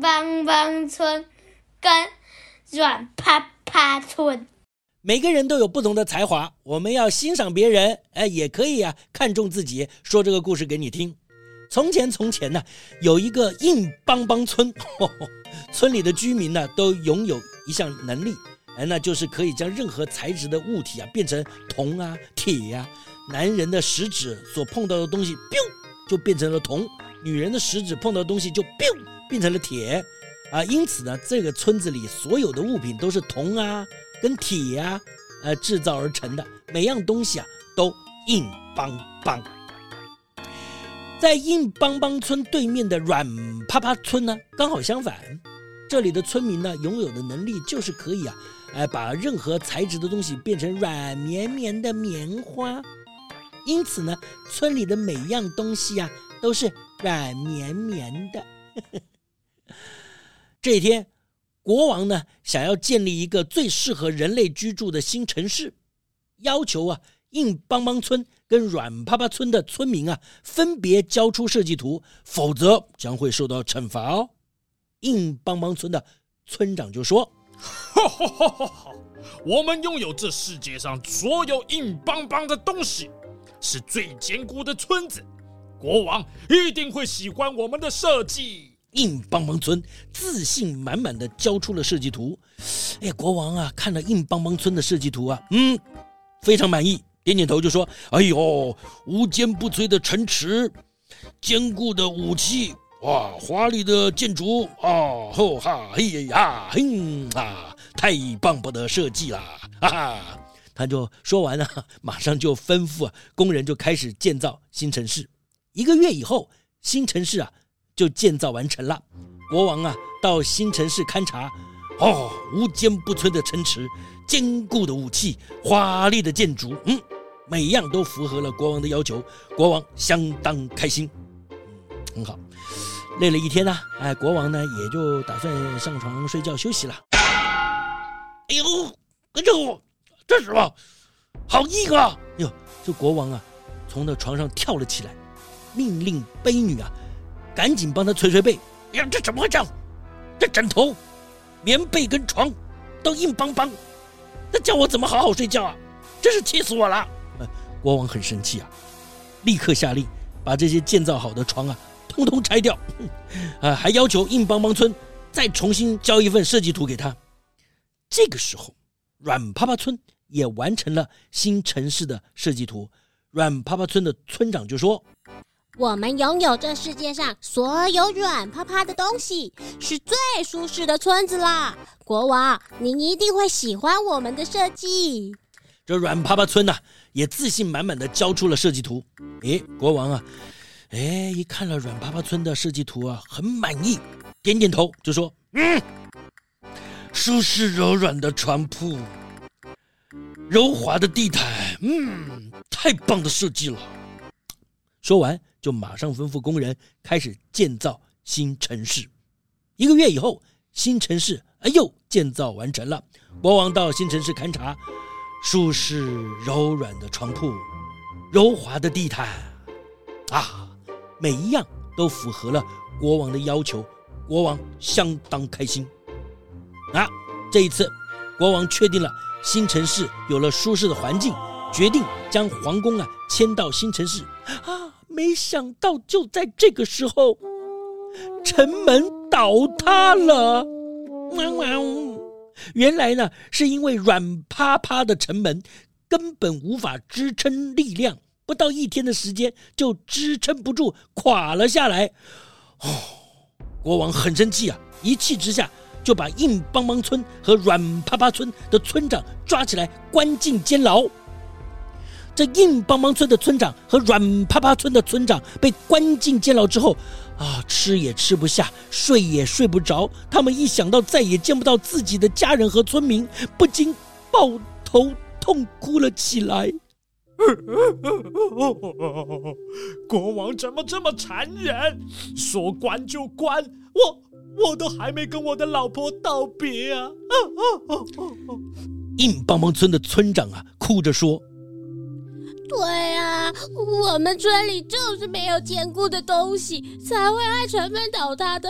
邦邦村，跟軟趴趴村。每個人都有不同的才華，我們要欣賞別人，哎、呃，也可以啊，看重自己。說這個故事給你聽：從前從前呢、啊，有一個硬邦邦村呵呵，村裡的居民呢、啊、都擁有一項能力，哎、呃，那就是可以將任何材質的物體啊變成銅啊、鐵呀、啊。男人的食指所碰到的東西，biu，就變成了銅；女人的食指碰到的東西就 biu。變成了鐵，啊，因此呢，這個村子裡所有的物品都是銅啊跟鐵啊呃，製造而成的，每樣東西啊都硬邦邦。在硬邦邦村對面的軟趴趴村呢，剛好相反，這裡的村民呢擁有的能力就是可以啊，把任何材質的東西變成軟綿綿的棉花，因此呢，村裡的每樣東西啊都是軟綿綿的。這一天，國王呢想要建立一個最適合人類居住的新城市，要求啊硬邦邦村跟軟趴趴村的村民啊分別交出設計圖，否則將會受到懲罰哦。硬邦邦村的村長就說呵呵呵：“我們擁有這世界上所有硬邦邦的東西，是最堅固的村子，國王一定會喜歡我們的設計。”硬邦邦村自信滿滿的交出了設計圖，哎，國王啊，看了硬邦邦村的設計圖啊，嗯，非常滿意，點點頭就說：“哎呦，無堅不摧的城池、堅固的武器，哇，華麗的建築，啊、哦，吼、哦、哈嘿呀哼啊，太棒棒的設計啦！”哈哈，他就說完了，馬上就吩咐啊，工人就開始建造新城市。一個月以後，新城市啊。就建造完成了，國王啊，到新城市勘察，哦，無堅不摧的城池，堅固的武器，華麗的建築，嗯，每樣都符合了國王的要求，國王相當開心，很、嗯、好，累了一天呢、啊，哎，國王呢也就打算上床睡覺休息了。哎呦，跟着我。這時候，好硬啊，喲、哎，這國王啊，從那床上跳了起來，命令婢女啊。趕緊幫他捶捶背！哎呀，這怎麼會這樣？這枕頭、棉被跟床都硬邦邦，那叫我怎麼好好睡覺啊？真是氣死我了！呃，國王很生氣啊，立刻下令把這些建造好的床啊，統統拆掉。呃，還要求硬邦邦村再重新交一份設計圖給他。這個時候，軟趴趴村也完成了新城市的設計圖。軟趴趴村的村長就說。我們擁有這世界上所有軟趴趴的東西，是最舒適的村子啦！國王，您一定會喜歡我們的設計。這軟趴趴村呢、啊，也自信滿滿的交出了設計圖。哎，國王啊，哎，一看了軟趴趴村的設計圖啊，很滿意，點點頭就說：“嗯，舒適柔軟的床鋪，柔滑的地毯，嗯，太棒的設計了。”說完。就馬上吩咐工人開始建造新城市。一個月以後，新城市哎呦，建造完成了。國王到新城市勘察，舒適柔軟的床鋪，柔滑的地毯啊，每一樣都符合了國王的要求。國王相當開心啊！這一次，國王確定了新城市有了舒適的環境。決定將皇宮啊遷到新城市啊，沒想到就在這個時候，城門倒塌了。呃呃原來呢，是因為軟趴趴的城門根本無法支撐力量，不到一天的時間就支撐不住垮了下來。哦，國王很生氣啊，一氣之下就把硬邦邦村和軟趴趴村的村長抓起來關進監牢。這硬邦邦村的村長和軟趴趴村的村長被關進監牢之後，啊，吃也吃不下，睡也睡不着。他們一想到再也見不到自己的家人和村民，不禁抱頭痛哭了起來。 哦哦哦哦哦、國王怎麼這麼殘忍？說關就關，我我都還沒跟我的老婆道別啊！啊哦哦、硬邦邦村的村長啊，哭着說。對啊，我們村裡就是沒有堅固的東西，才會害城門倒塌的。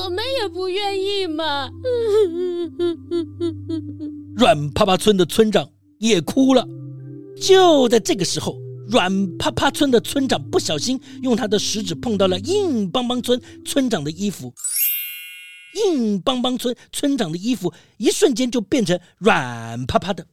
我們也不願意嘛。 軟趴趴村的村長也哭了。就在這個時候，軟趴趴村的村長不小心用他的食指碰到了硬邦邦村村長的衣服，硬邦邦村村長的衣服一瞬間就變成軟趴趴的。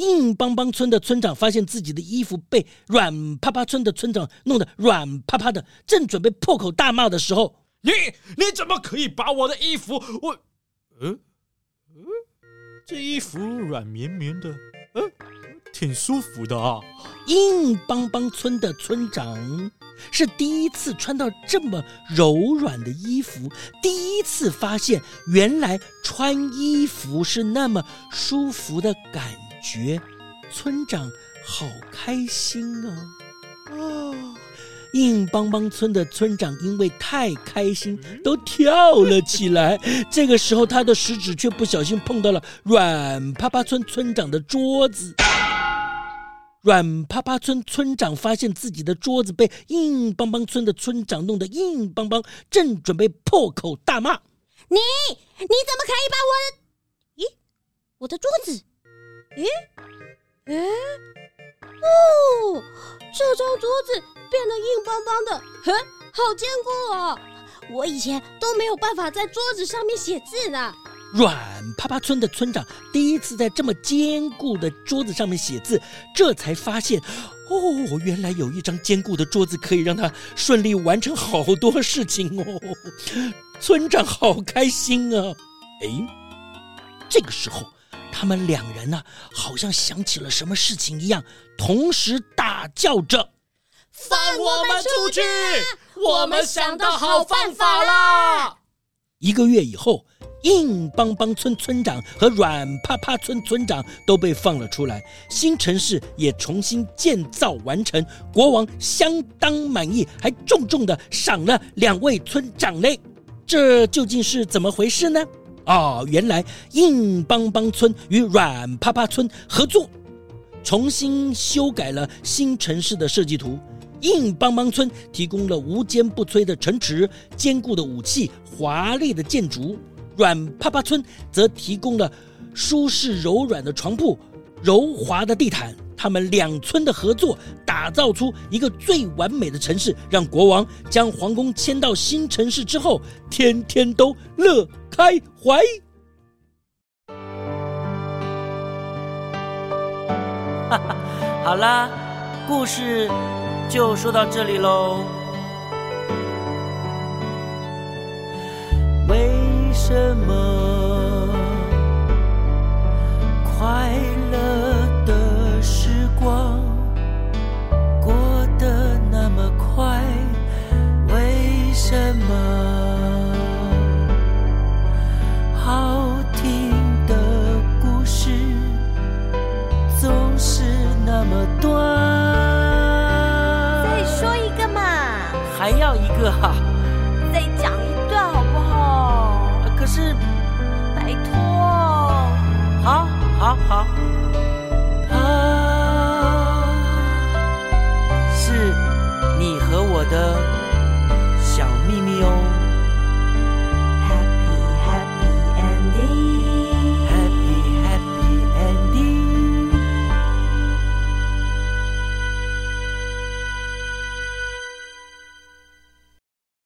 硬邦邦村的村長發現自己的衣服被軟趴趴村的村長弄得軟趴趴的，正準備破口大罵的時候，你你怎麼可以把我的衣服？我，嗯，這衣服軟綿綿的，嗯，挺舒服的啊。硬邦邦村的村長是第一次穿到這麼柔軟的衣服，第一次發現原來穿衣服是那麼舒服的感覺覺，村長好開心啊！啊，硬邦邦村的村長因為太開心，都跳了起來。這個時候，他的食指卻不小心碰到了軟趴趴村村長的桌子。軟趴趴村村長發現自己的桌子被硬邦邦村的村長弄得硬邦邦，正準備破口大罵：“你你怎麼可以把我？咦，我的桌子！”哎！哎！哦，這張桌子變得硬邦邦的，哼，好堅固哦，我以前都沒有辦法在桌子上面寫字呢。軟趴趴村的村長第一次在這麼堅固的桌子上面寫字，這才發現，哦，原來有一張堅固的桌子可以讓他順利完成好多事情哦。村長好開心啊！哎，這個時候。他們兩人呢、啊，好像想起了什麼事情一樣，同時大叫着：“放我們出去！我們想到好辦法了！”一個月以後，硬邦邦村村長和軟趴趴村村長都被放了出來，新城市也重新建造完成。國王相當滿意，還重重的賞了兩位村長嘞。這究竟是怎麼回事呢？哦，原來硬邦邦村與軟趴趴村合作，重新修改了新城市的設計圖。硬邦邦村提供了無堅不摧的城池、堅固的武器、華麗的建築；軟趴趴村則提供了舒適柔軟的床鋪、柔滑的地毯。他們兩村的合作打造出一個最完美的城市，讓國王將皇宮遷到新城市之後，天天都樂開懷，哈哈，好啦，故事就說到這裡嘍。為什麼？那麼多再說一個嘛，還要一個哈、啊，再講一段好不好？可是，拜托，好好好，啊，是你和我的。